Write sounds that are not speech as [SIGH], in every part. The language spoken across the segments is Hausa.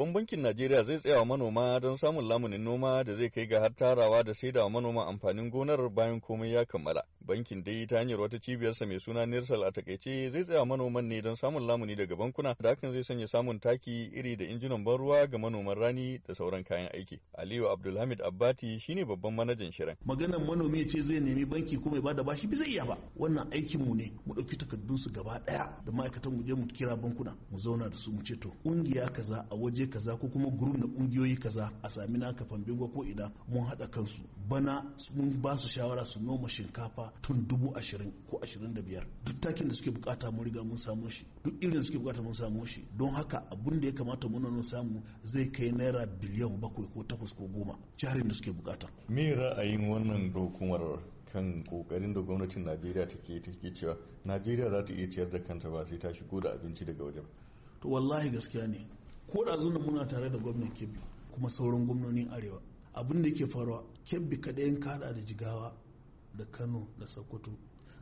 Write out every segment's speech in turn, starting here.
Babban bankin Najeriya zai tsaya manoma don samun lamunin noma da zai kai ga har tarawa da saidawa manoma amfanin gonar bayan komai ya kammala. Bankin dai ta hanyar wata cibiyarsa mai suna Nirsal a takaice zai tsaya manoman ne don samun lamuni daga bankuna da hakan zai sanya samun taki iri da injinan ban ruwa ga manoman rani da sauran kayan aiki. Aliyu Abdulhamid Abbati shine babban manajan shirin. Maganar manomi ce zai nemi banki kuma ya bada bashi bi zai iya ba. Wannan aikin mu ne mu dauki takardun su gaba ɗaya da ma'aikatan mu je mu kira bankuna mu zauna da su mu ce to ƙungiya kaza a waje kaza ko kuma group na kungiyoyi kaza a sami naka fambingo ko ina mun haɗa kansu bana mun ba su shawara su noma shinkafa Tun dubu ashirin ko ashirin da biyar duk takin da suke bukata mun riga mun samu shi duk irin da suke bukata mun samu shi don haka abun da ya kamata mun nan samu zai kai naira biliyan bakwai ko takwas ko goma jarin da suke bukata. me ra'ayin wannan dokumar kan kokarin da gwamnatin najeriya take take cewa najeriya za ta iya ciyar da kanta ba sai ta shigo da abinci daga wajen. to wallahi gaskiya ne ko da zuwa muna tare da gwamnan kebbi kuma sauran gwamnonin arewa abin da yake faruwa kebbi kaɗai kada da jigawa da kano da sokoto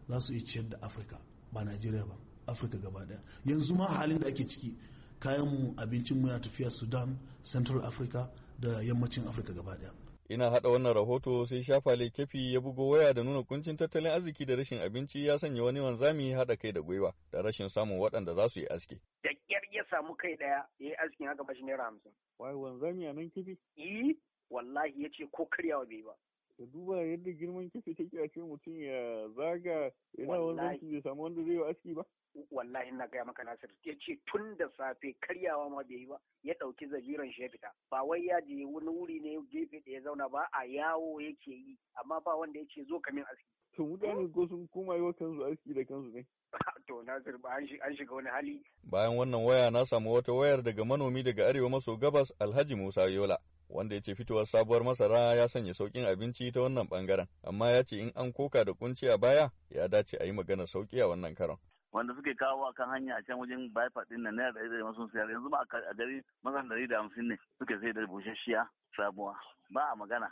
za su iya ciyar da afirka ba najeriya ba afirka gaba daya yanzu ma halin da ake ciki kayanmu abincin muna tafiya sudan central africa da yammacin afirka gaba daya ina hada wannan rahoto sai shafale kefi ya bugo waya da nuna kuncin tattalin arziki da rashin abinci ya sanya wani wanzami hada kai da gwiwa da rashin samun waɗanda za su yi aski da kyar ya samu kai daya ya yi aski, haka bashi naira hamsin wai wanzami a nan kifi yi wallahi ya ce ko karyawa bai ba ka duba yadda girman kifi take a ce mutum ya zaga yana wanzan shi samu wanda zai yi aski ba wallahi na gaya maka nasir ya ce tun da safe karyawa ma bai yi ba ya ɗauki zabiran shi ya fita ba wai ya je wani wuri ne gefe da ya zauna ba a yawo yake yi amma ba wanda ya ce zo kamin aski to mutane ko sun koma yi wa kansu aski da kansu ne [LAUGHS] to nasir ba an shiga wani hali bayan wannan waya na samu wata wayar daga manomi daga arewa maso gabas alhaji musa yola wanda ya ce fitowar sabuwar masara ya sanya sauƙin abinci ta wannan bangaren amma ya ce in an koka da kunci a baya ya dace a yi magana sauƙi a wannan karon. wanda suke kawo a kan hanya a can wajen bypass din na naira ɗari ɗari masu sayar yanzu ba a gari masan ɗari da hamsin ne suke sai da busasshiya sabuwa ba a magana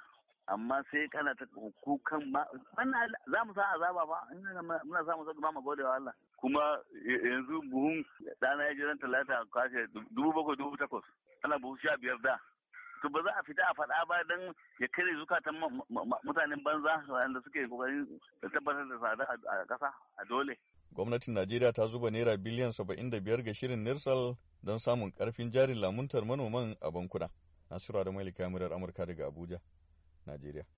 amma sai kana ta kukan ba wannan za mu sa azaba ba muna samu sauki ba mu gode wa Allah kuma yanzu buhun ɗana ya je ran talata kwashe dubu bakwai dubu takwas ana buhu sha biyar da to ba za a fita a faɗa ba don ya kare zukatan mutanen banza da suke kokarin tabbatar da tsada a ƙasa a dole. Gwamnatin Najeriya ta zuba naira biliyan saba'in da biyar ga shirin Nirsal don samun ƙarfin jarin lamuntar manoman a bankuna. Nasiru da Malika Murar Amurka daga Abuja, Najeriya.